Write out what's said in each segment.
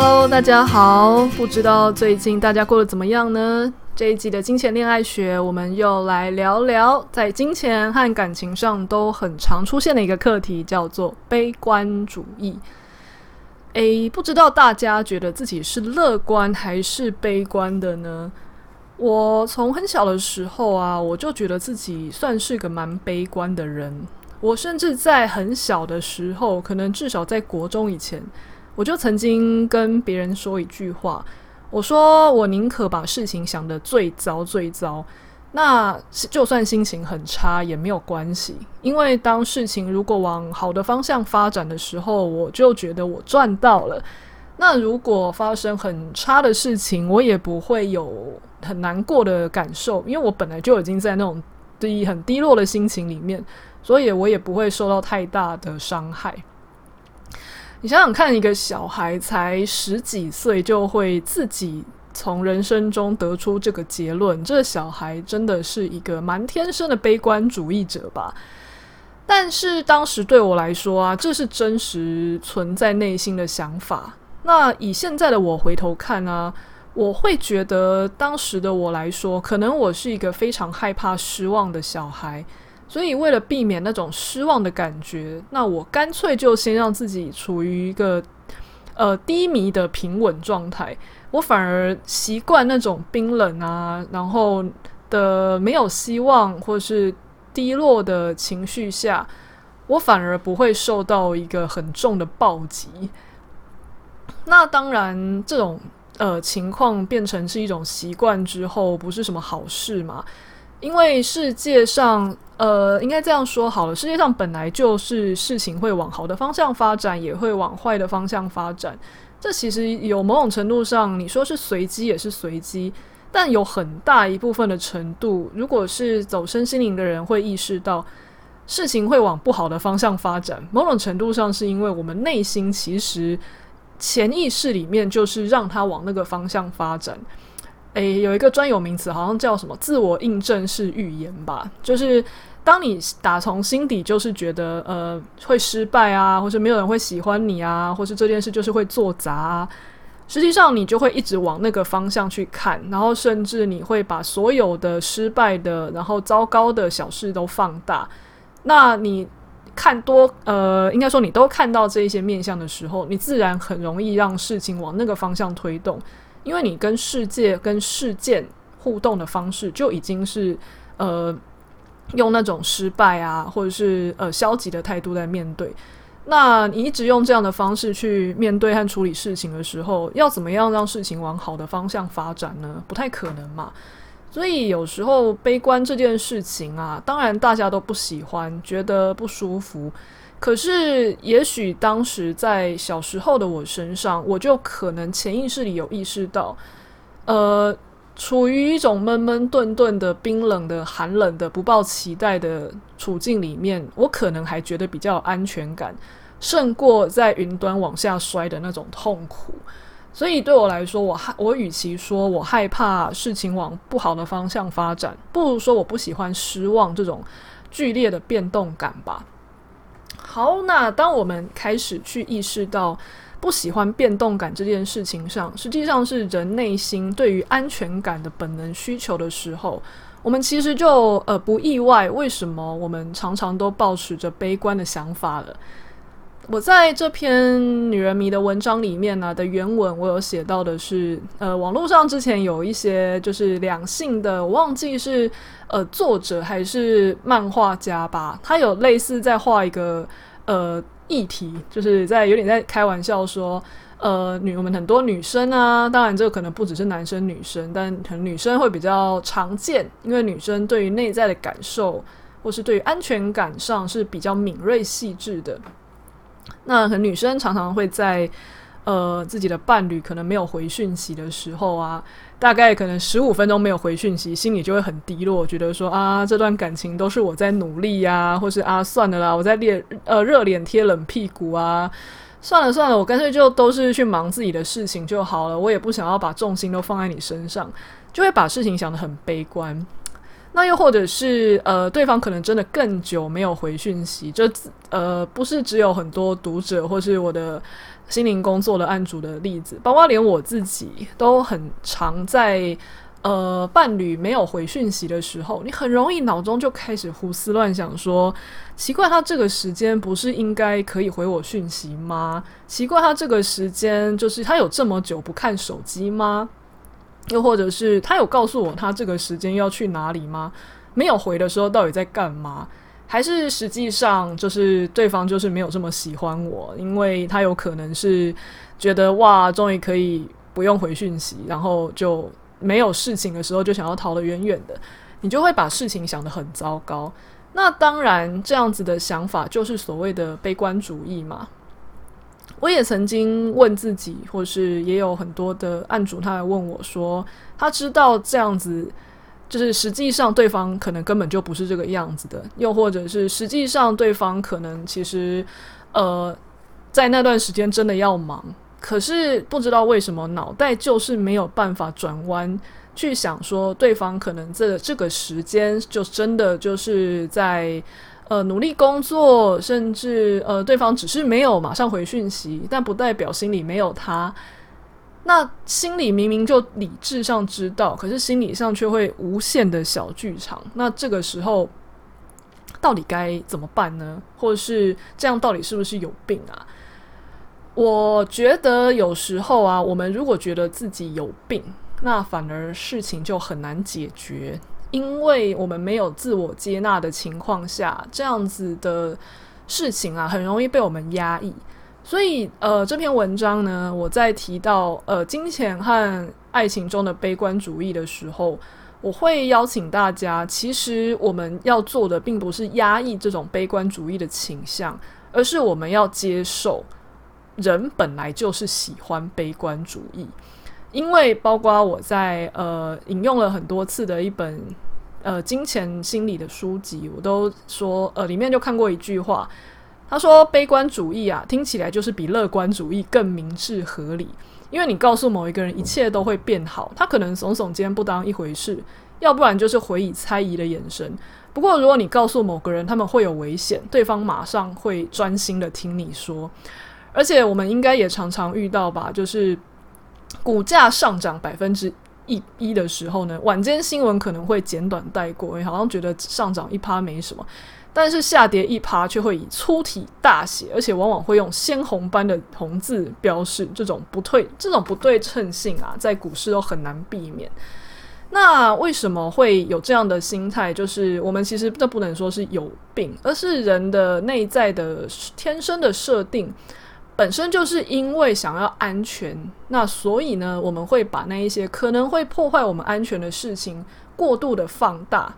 Hello，大家好！不知道最近大家過得怎麼樣呢？這一集的《金錢戀愛學》，我們又來聊聊在金錢和感情上都很常出現的一個課題，叫做悲觀主義。誒、欸，不知道大家覺得自己是樂觀還是悲觀的呢？我從很小的時候啊，我就覺得自己算是個蠻悲觀的人。我甚至在很小的時候，可能至少在國中以前。我就曾經跟別人說一句話，我說我寧可把事情想得最糟最糟，那就算心情很差也沒有關係，因為當事情如果往好的方向發展的時候，我就覺得我賺到了。那如果發生很差的事情，我也不會有很難過的感受，因為我本來就已經在那種低很低落的心情裡面，所以我也不會受到太大的傷害。你想想看，一個小孩才十幾歲就會自己從人生中得出這個結論，這個小孩真的是一個蠻天生的悲觀主義者吧？但是當時對我來說啊，這是真實存在內心的想法。那以現在的我回頭看啊，我會覺得當時的我來說，可能我是一個非常害怕失望的小孩。所以為了避免那種失望的感覺，那我乾脆就先讓自己處於一個呃低迷的平穩狀態。我反而習慣那種冰冷啊，然後的沒有希望或是低落的情緒下，我反而不會受到一個很重的暴擊。那當然，這種呃情況變成是一種習慣之後，不是什麼好事嘛？因為世界上。呃，應該這樣說好了。世界上本來就是事情會往好的方向發展，也會往壞的方向發展。這其實有某種程度上，你說是隨機也是隨機，但有很大一部分的程度，如果是走身心靈的人會意識到，事情會往不好的方向發展。某種程度上是因為我們內心其實潛意識裡面就是讓它往那個方向發展。誒、欸，有一個專有名詞，好像叫什麼“自我印證式預言”吧，就是。當你打從心底就是覺得呃會失敗啊，或是沒有人會喜歡你啊，或是這件事就是會做砸啊，實際上你就會一直往那個方向去看，然後甚至你會把所有的失敗的，然後糟糕的小事都放大。那你看多呃，應該說你都看到這些面向的時候，你自然很容易讓事情往那個方向推動，因為你跟世界跟事件互動的方式就已經是呃。用那種失敗啊，或者是呃消極的態度來面對。那你一直用這樣的方式去面對和處理事情的時候，要怎麼樣讓事情往好的方向發展呢？不太可能嘛。所以有時候悲觀這件事情啊，當然大家都不喜歡，覺得不舒服。可是也許當時在小時候的我身上，我就可能潛意識裡有意識到，呃。處於一種悶悶頓頓的冰冷的寒冷的不抱期待的處境裡面，我可能還覺得比較有安全感，勝過在雲端往下摔的那種痛苦。所以對我來說，我害我與其說我害怕事情往不好的方向發展，不如說我不喜歡失望這種劇烈的變動感吧。好，那當我們開始去意識到，不喜歡變動感這件事情上，實際上是人內心對於安全感的本能需求的時候，我們其實就呃不意外，為什麼我們常常都抱持着悲觀的想法了。我在這篇《女人迷》的文章裡面呢、啊、的原文，我有寫到的是，呃，網絡上之前有一些就是兩性的，我忘記是呃作者還是漫畫家吧，他有類似在畫一個呃。議題就是在有點在開玩笑說，呃，女我們很多女生啊，當然這個可能不只是男生女生，但可能女生會比較常見，因為女生對於內在的感受或是對於安全感上是比較敏銳細緻的。那很女生常常會在，呃，自己的伴侶可能沒有回訊息的時候啊。大概可能十五分鐘沒有回訊息，心裡就會很低落，我覺得說啊，這段感情都是我在努力呀，啊，或是啊，算了啦，我在烈呃熱臉貼冷屁股啊，算了算了，我乾脆就都是去忙自己的事情就好了，我也不想要把重心都放在你身上，就會把事情想得很悲觀。那又或者是呃，對方可能真的更久沒有回訊息，就呃不是只有很多讀者或是我的。心靈工作的案主的例子，包括連我自己都很常在，呃，伴侶沒有回訊息的時候，你很容易腦中就開始胡思亂想說，說奇怪，他這個時間不是應該可以回我訊息嗎？奇怪，他這個時間就是他有這麼久不看手機嗎？又或者是他有告訴我他這個時間要去哪裡嗎？沒有回的時候到底在幹嘛？還是實際上就是對方就是沒有這麼喜歡我，因為他有可能是覺得哇，終於可以不用回訊息，然後就沒有事情的時候就想要逃得遠遠的，你就會把事情想得很糟糕。那當然，這樣子的想法就是所謂的悲觀主義嘛。我也曾經問自己，或是也有很多的案主他來問我說，他知道這樣子。就是實際上對方可能根本就不是這個樣子的，又或者是實際上對方可能其實，呃，在那段時間真的要忙，可是不知道為什麼腦袋就是沒有辦法轉彎去想說對方可能這這個時間就真的就是在呃努力工作，甚至呃對方只是沒有馬上回訊息，但不代表心裡沒有他。那心裡明明就理智上知道，可是心理上卻會無限的小劇場。那這個時候到底該怎麼辦呢？或者是這樣到底是不是有病啊？我覺得有時候啊，我們如果覺得自己有病，那反而事情就很難解決，因為我們沒有自我接納的情況下，這樣子的事情啊，很容易被我們壓抑。所以，呃，這篇文章呢，我在提到呃金錢和愛情中的悲觀主義的時候，我會邀請大家，其實我們要做的並不是壓抑這種悲觀主義的傾向，而是我們要接受人本來就是喜歡悲觀主義，因為包括我在呃引用了很多次的一本呃金錢心理的書籍，我都說呃裡面就看過一句話。他說：“悲觀主義啊，聽起來就是比樂觀主義更明智、合理。因為你告訴某一個人一切都會變好，他可能聳聳肩，不當一回事；要不然就是回以猜疑的眼神。不過，如果你告訴某個人他們會有危險，對方馬上會專心的聽你說。而且，我們應該也常常遇到吧，就是股價上漲百分之一一的時候呢，晚間新聞可能會簡短帶過，你好像覺得上漲一趴沒什麼。”但是下跌一趴卻會以粗體大寫，而且往往會用鮮紅般的紅字標示。這種不退、這種不對稱性啊，在股市都很難避免。那為什麼會有這樣的心態？就是我們其實這不能說是有病，而是人的內在的天生的設定，本身就是因為想要安全。那所以呢，我們會把那一些可能會破壞我們安全的事情過度的放大。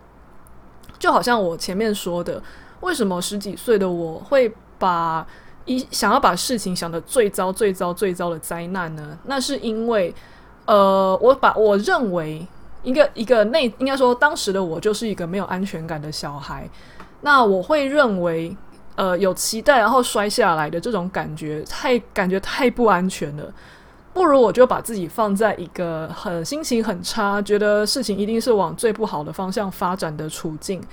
就好像我前面說的，為什麼十幾歲的我會把一想要把事情想得最糟、最糟、最糟的災難呢？那是因為，呃，我把我認為一個一個內應該說當時的我就是一個沒有安全感的小孩，那我會認為，呃，有期待然後摔下來的這種感覺，太，感覺太不安全了。不如我就把自己放在一個很心情很差，覺得事情一定是往最不好的方向發展的處境，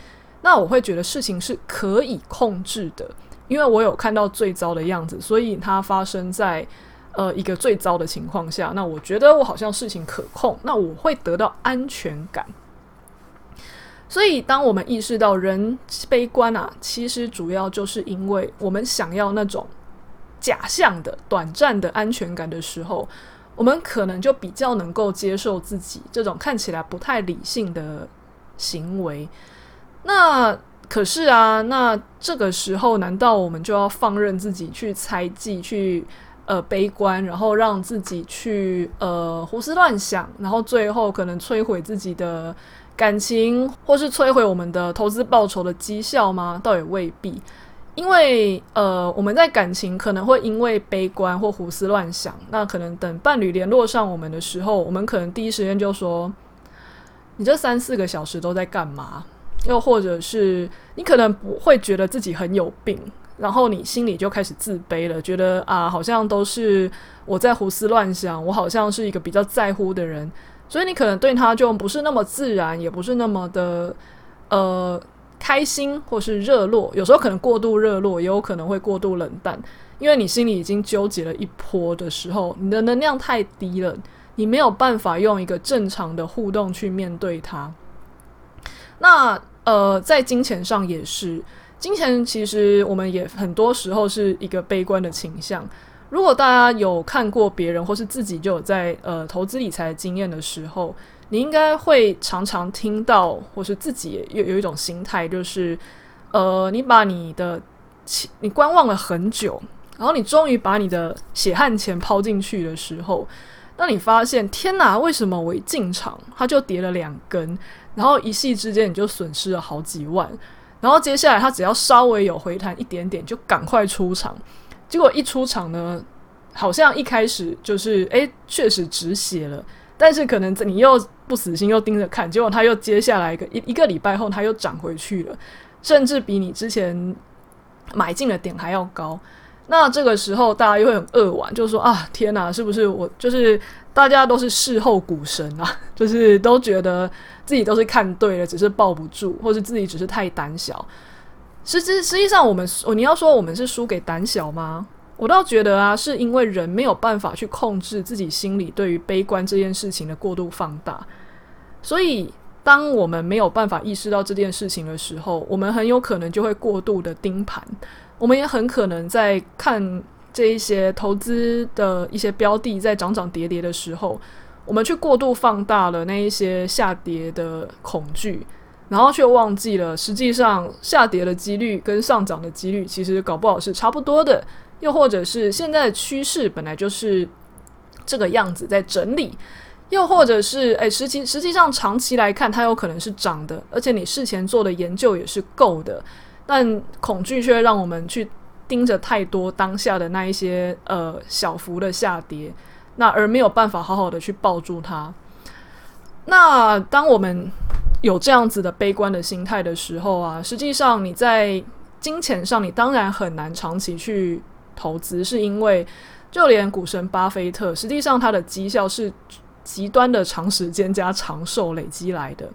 那我會覺得事情是可以控制的，因為我有看到最糟的樣子，所以它發生在呃一個最糟的情況下，那我覺得我好像事情可控，那我會得到安全感。所以，當我們意識到人悲觀啊，其實主要就是因為我們想要那種。假象的短暫的安全感的時候，我們可能就比較能夠接受自己這種看起來不太理性的行為。那可是啊，那這個時候難道我們就要放任自己去猜忌、去呃悲觀，然後讓自己去呃胡思亂想，然後最後可能摧毀自己的感情，或是摧毀我們的投資報酬的績效嗎？倒也未必。因為呃，我們在感情可能會因為悲觀或胡思亂想，那可能等伴侶聯絡上我們的時候，我們可能第一時間就說：“你這三四個小時都在幹嘛？”又或者是你可能不會覺得自己很有病，然後你心裡就開始自卑了，覺得啊、呃，好像都是我在胡思亂想，我好像是一個比較在乎的人，所以你可能對他就不是那麼自然，也不是那麼的呃。開心或是熱絡，有時候可能過度熱絡，也有可能會過度冷淡，因為你心裡已經糾結了一波的時候，你的能量太低了，你沒有辦法用一個正常的互動去面對它。那呃，在金錢上也是，金錢其實我們也很多時候是一個悲觀的傾向。如果大家有看過別人或是自己就有在呃投資理財的經驗的時候。你應該會常常聽到，或是自己有有一種心態，就是，呃，你把你的錢，你觀望了很久，然後你終於把你的血汗錢拋進去的時候，當你發現，天哪，為什麼我一進場它就跌了兩根，然後一夕之間你就損失了好幾萬，然後接下來它只要稍微有回彈一點點，就趕快出場，結果一出場呢，好像一開始就是，誒、欸，確實止血了。但是可能你又不死心，又盯着看，結果它又接下來一個一一個禮拜後，它又漲回去了，甚至比你之前買進的點還要高。那這個時候大家又會很扼腕，就說啊，天哪、啊，是不是我就是大家都是事後股神啊？就是都覺得自己都是看對了，只是抱不住，或者自己只是太膽小。實實實際上，我們你要說我們是輸給膽小嗎？我倒覺得啊，是因為人沒有辦法去控制自己心裡對於悲觀這件事情的過度放大，所以當我們沒有辦法意識到這件事情的時候，我們很有可能就會過度的盯盤，我們也很可能在看這一些投資的一些標的在漲漲跌跌的時候，我們去過度放大了那一些下跌的恐懼，然後卻忘記了實際上下跌的幾率跟上漲的幾率其實搞不好是差不多的。又或者是現在的趨勢本來就是這個樣子，在整理；又或者是誒、欸，實際實際上長期來看，它有可能是漲的，而且你事前做的研究也是夠的，但恐懼卻讓我們去盯着太多當下的那一些呃小幅的下跌，那而沒有辦法好好的去抱住它。那當我們有這樣子的悲觀的心態的時候啊，實際上你在金錢上，你當然很難長期去。投資，是因為，就連股神巴菲特，實際上他的績效是極端的長時間加長壽累積來的。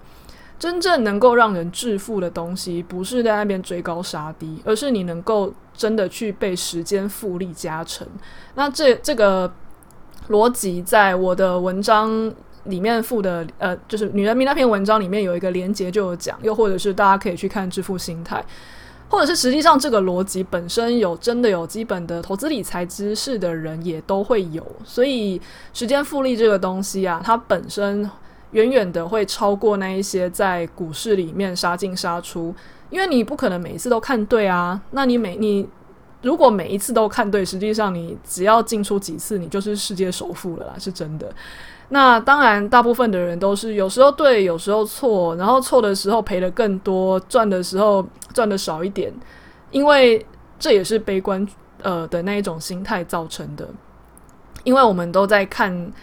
真正能夠讓人致富的東西，不是在那邊追高殺低，而是你能夠真的去被時間複利加成。那這這個邏輯，在我的文章裡面附的，呃，就是《女人迷》那篇文章裡面有一個連結，就有講，又或者是大家可以去看致富心態。或者是實際上這個邏輯本身有真的有基本的投資理財知識的人也都會有，所以時間複利這個東西啊，它本身遠遠的會超過那一些在股市裡面殺進殺出，因為你不可能每一次都看對啊。那你每你如果每一次都看對，實際上你只要進出幾次，你就是世界首富了啦，是真的。那當然，大部分的人都是有時候對，有時候錯。然後錯的時候賠得更多，賺的時候賺得少一點，因為這也是悲觀呃的那一種心態造成的。因為我們都在看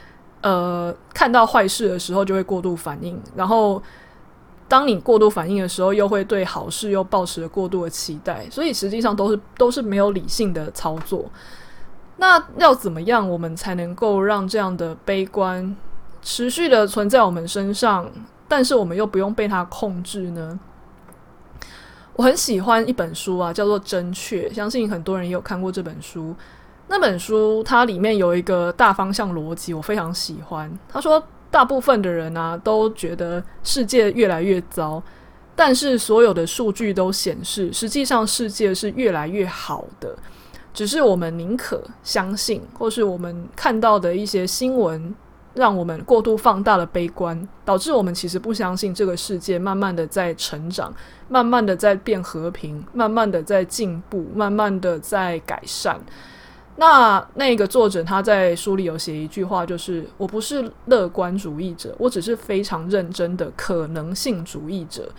呃看到壞事的時候就會過度反應，然後當你過度反應的時候，又會對好事又抱持了過度的期待，所以實際上都是都是沒有理性的操作。那要怎麼樣，我們才能夠讓這樣的悲觀持續地存在我們身上，但是我們又不用被它控制呢？我很喜歡一本書啊，叫做《真確》，相信很多人也有看過這本書。那本書它裡面有一個大方向邏輯，我非常喜歡。他說，大部分的人啊，都覺得世界越來越糟，但是所有的數據都顯示，實際上世界是越來越好的。只是我們寧可相信，或是我們看到的一些新聞，讓我們過度放大了悲觀，導致我們其實不相信這個世界慢慢的在成長，慢慢的在變和平，慢慢的在進步，慢慢的在改善。那那個作者他在書裡有寫一句話，就是我不是樂觀主義者，我只是非常認真的可能性主義者。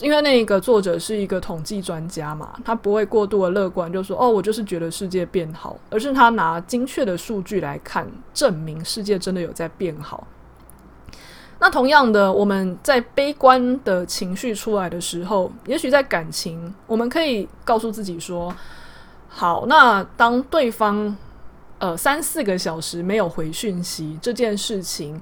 因為那個作者是一個統計專家嘛，他不會過度的樂觀，就說哦，我就是覺得世界變好，而是他拿精確的數據來看，證明世界真的有在變好。那同樣的，我們在悲觀的情緒出來的時候，也許在感情，我們可以告訴自己說，好，那當對方呃三四個小時沒有回訊息這件事情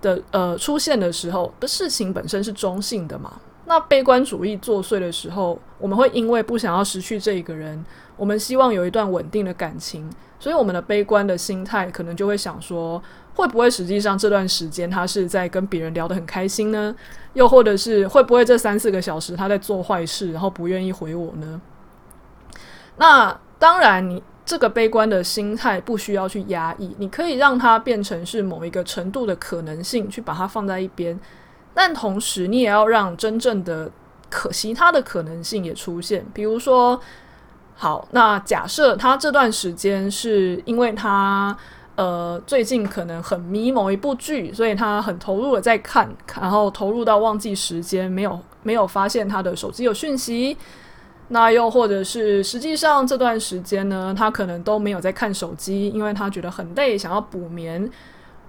的呃出現的時候，的事情本身是中性的嘛。那悲觀主義作祟的時候，我們會因為不想要失去這一個人，我們希望有一段穩定的感情，所以我們的悲觀的心態可能就會想說，會不會實際上這段時間他是在跟別人聊得很開心呢？又或者是會不會這三四個小時他在做壞事，然後不願意回我呢？那當然，你這個悲觀的心態不需要去壓抑，你可以讓它變成是某一個程度的可能性，去把它放在一邊。但同時，你也要讓真正的可其他的可能性也出現。比如說，好，那假設他這段時間是因為他呃最近可能很迷某一部劇，所以他很投入地在看，然後投入到忘記時間，沒有沒有發現他的手機有訊息。那又或者是實際上這段時間呢，他可能都沒有在看手機，因為他覺得很累，想要補眠。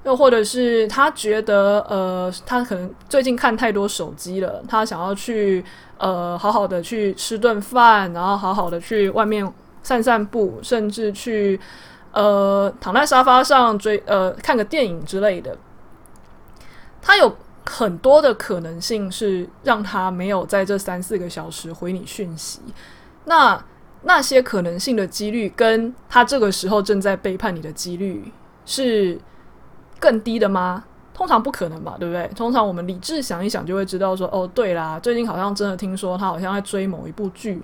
又或者是他覺得，呃，他可能最近看太多手機了，他想要去，呃，好好的去吃頓飯，然後好好的去外面散散步，甚至去，呃，躺在沙發上追，呃，看個電影之類的。他有很多的可能性是讓他沒有在這三四個小時回你訊息。那那些可能性的幾率，跟他這個時候正在背叛你的幾率是更低的嗎？通常不可能吧，對不對？通常我們理智想一想就會知道說，說哦，對啦，最近好像真的聽說他好像在追某一部劇，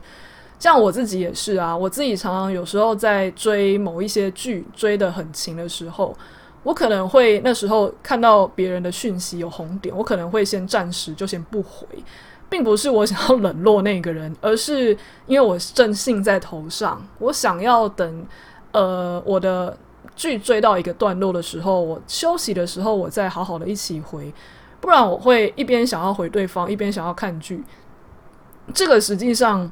像我自己也是啊，我自己常常有時候在追某一些劇，追得很勤的時候，我可能會那時候看到別人的訊息有紅點，我可能會先暫時就先不回，並不是我想要冷落那個人，而是因為我正興在頭上，我想要等呃我的。劇追到一個段落的時候，我休息的時候，我再好好的一起回，不然我會一邊想要回對方，一邊想要看劇。這個實際上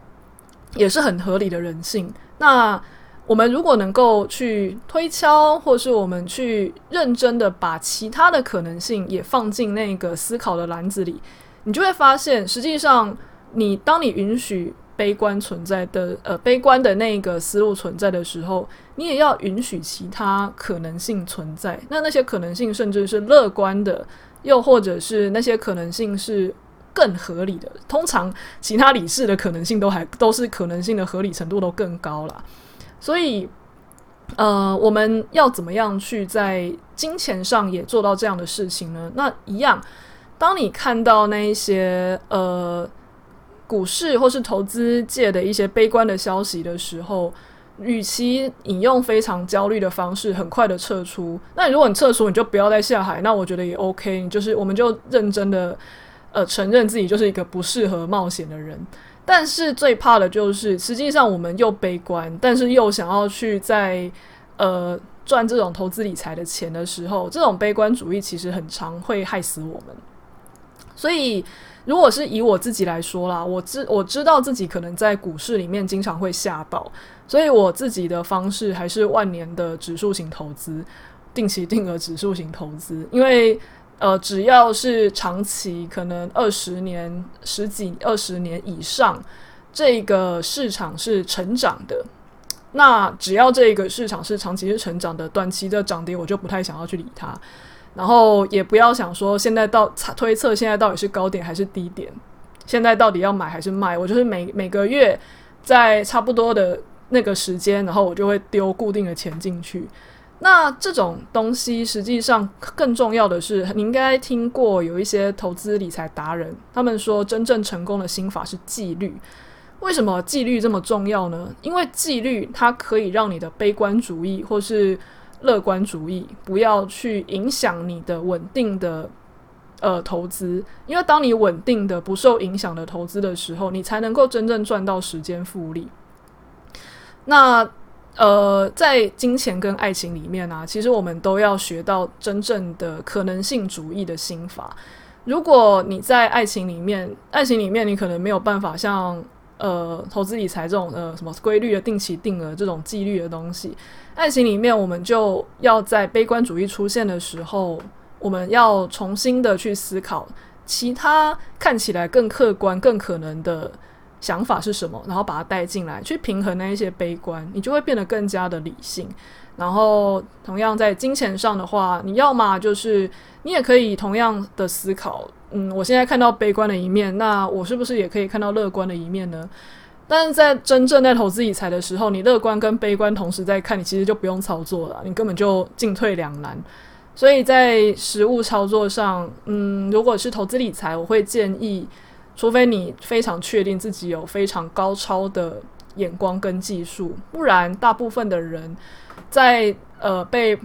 也是很合理的人性。那我們如果能夠去推敲，或是我們去認真的把其他的可能性也放進那個思考的籃子裡，你就會發現，實際上你當你允許。悲觀存在的，呃，悲觀的那個思路存在的時候，你也要允許其他可能性存在。那那些可能性，甚至是樂觀的，又或者是那些可能性是更合理的。通常，其他理事的可能性都還都是可能性的合理程度都更高了。所以，呃，我們要怎麼樣去在金錢上也做到這樣的事情呢？那一樣，當你看到那一些呃。股市或是投資界的一些悲觀的消息的時候，與其引用非常焦慮的方式，很快的撤出。那如果你撤出，你就不要再下海。那我覺得也 OK，就是我們就認真的，呃，承認自己就是一個不適合冒險的人。但是最怕的就是，實際上我們又悲觀，但是又想要去在呃賺這種投資理財的錢的時候，這種悲觀主義其實很常會害死我們。所以，如果是以我自己來說啦，我知我知道自己可能在股市裡面經常會嚇到，所以我自己的方式還是萬年的指數型投資，定期定額指數型投資，因為呃，只要是長期，可能二十年、十幾、二十年以上，這個市場是成長的，那只要這個市場是長期是成長的，短期的漲跌我就不太想要去理它。然後也不要想說現在到推測現在到底是高點還是低點，現在到底要買還是賣？我就是每每個月在差不多的那個時間，然後我就會丟固定的錢進去。那這種東西實際上更重要的是，你應該聽過有一些投資理財達人，他們說真正成功的心法是紀律。為什麼紀律這麼重要呢？因為紀律它可以讓你的悲觀主義或是……樂觀主義，不要去影響你的穩定的呃投資，因為當你穩定的不受影響的投資的時候，你才能夠真正賺到時間複利。那呃，在金錢跟愛情裡面啊，其實我們都要學到真正的可能性主義的心法。如果你在愛情裡面，愛情裡面你可能沒有辦法像。呃，投資理財這種呃什麼規律的定期定額這種紀律的東西，愛情裡面我們就要在悲觀主義出現的時候，我們要重新的去思考其他看起來更客觀、更可能的想法是什麼，然後把它帶進來，去平衡那一些悲觀，你就會變得更加的理性。然後，同樣在金錢上的話，你要麼就是你也可以同樣的思考，嗯，我現在看到悲觀的一面，那我是不是也可以看到樂觀的一面呢？但是在真正在投資理財的時候，你樂觀跟悲觀同時在看，你其實就不用操作了，你根本就進退兩難。所以在實務操作上，嗯，如果是投資理財，我會建議，除非你非常確定自己有非常高超的，眼光跟技術，不然大部分的人在呃被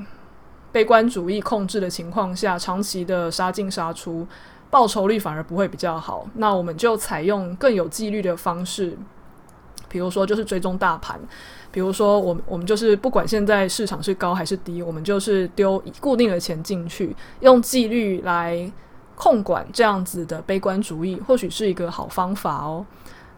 悲觀主義控制的情況下，長期的殺進殺出，報酬率反而不會比較好。那我們就採用更有紀律的方式，比如說就是追蹤大盤，比如說我們我們就是不管現在市場是高還是低，我們就是丟固定的錢進去，用紀律來控管這樣子的悲觀主義，或許是一個好方法哦。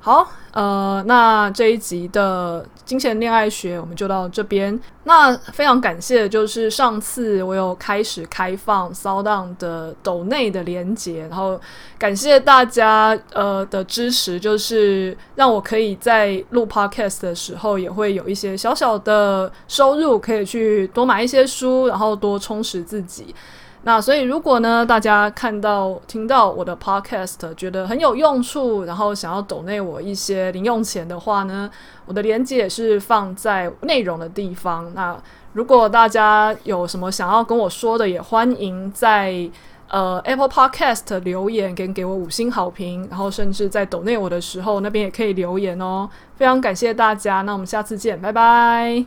好，呃，那這一集的《金錢戀愛學》我們就到這邊。那非常感謝，就是上次我有開始開放 SoundOn 的抖內的連接，然後感謝大家呃的支持，就是讓我可以在錄 Podcast 的時候也會有一些小小的收入，可以去多買一些書，然後多充實自己。那所以，如果呢，大家看到、聽到我的 podcast 覺得很有用處，然後想要抖內我一些零用錢的話呢，我的鏈接也是放在內容的地方。那如果大家有什麼想要跟我說的，也歡迎在呃 Apple Podcast 留言，跟給，給我五星好評，然後甚至在抖內我的時候，那邊也可以留言哦。非常感謝大家，那我們下次見，拜拜。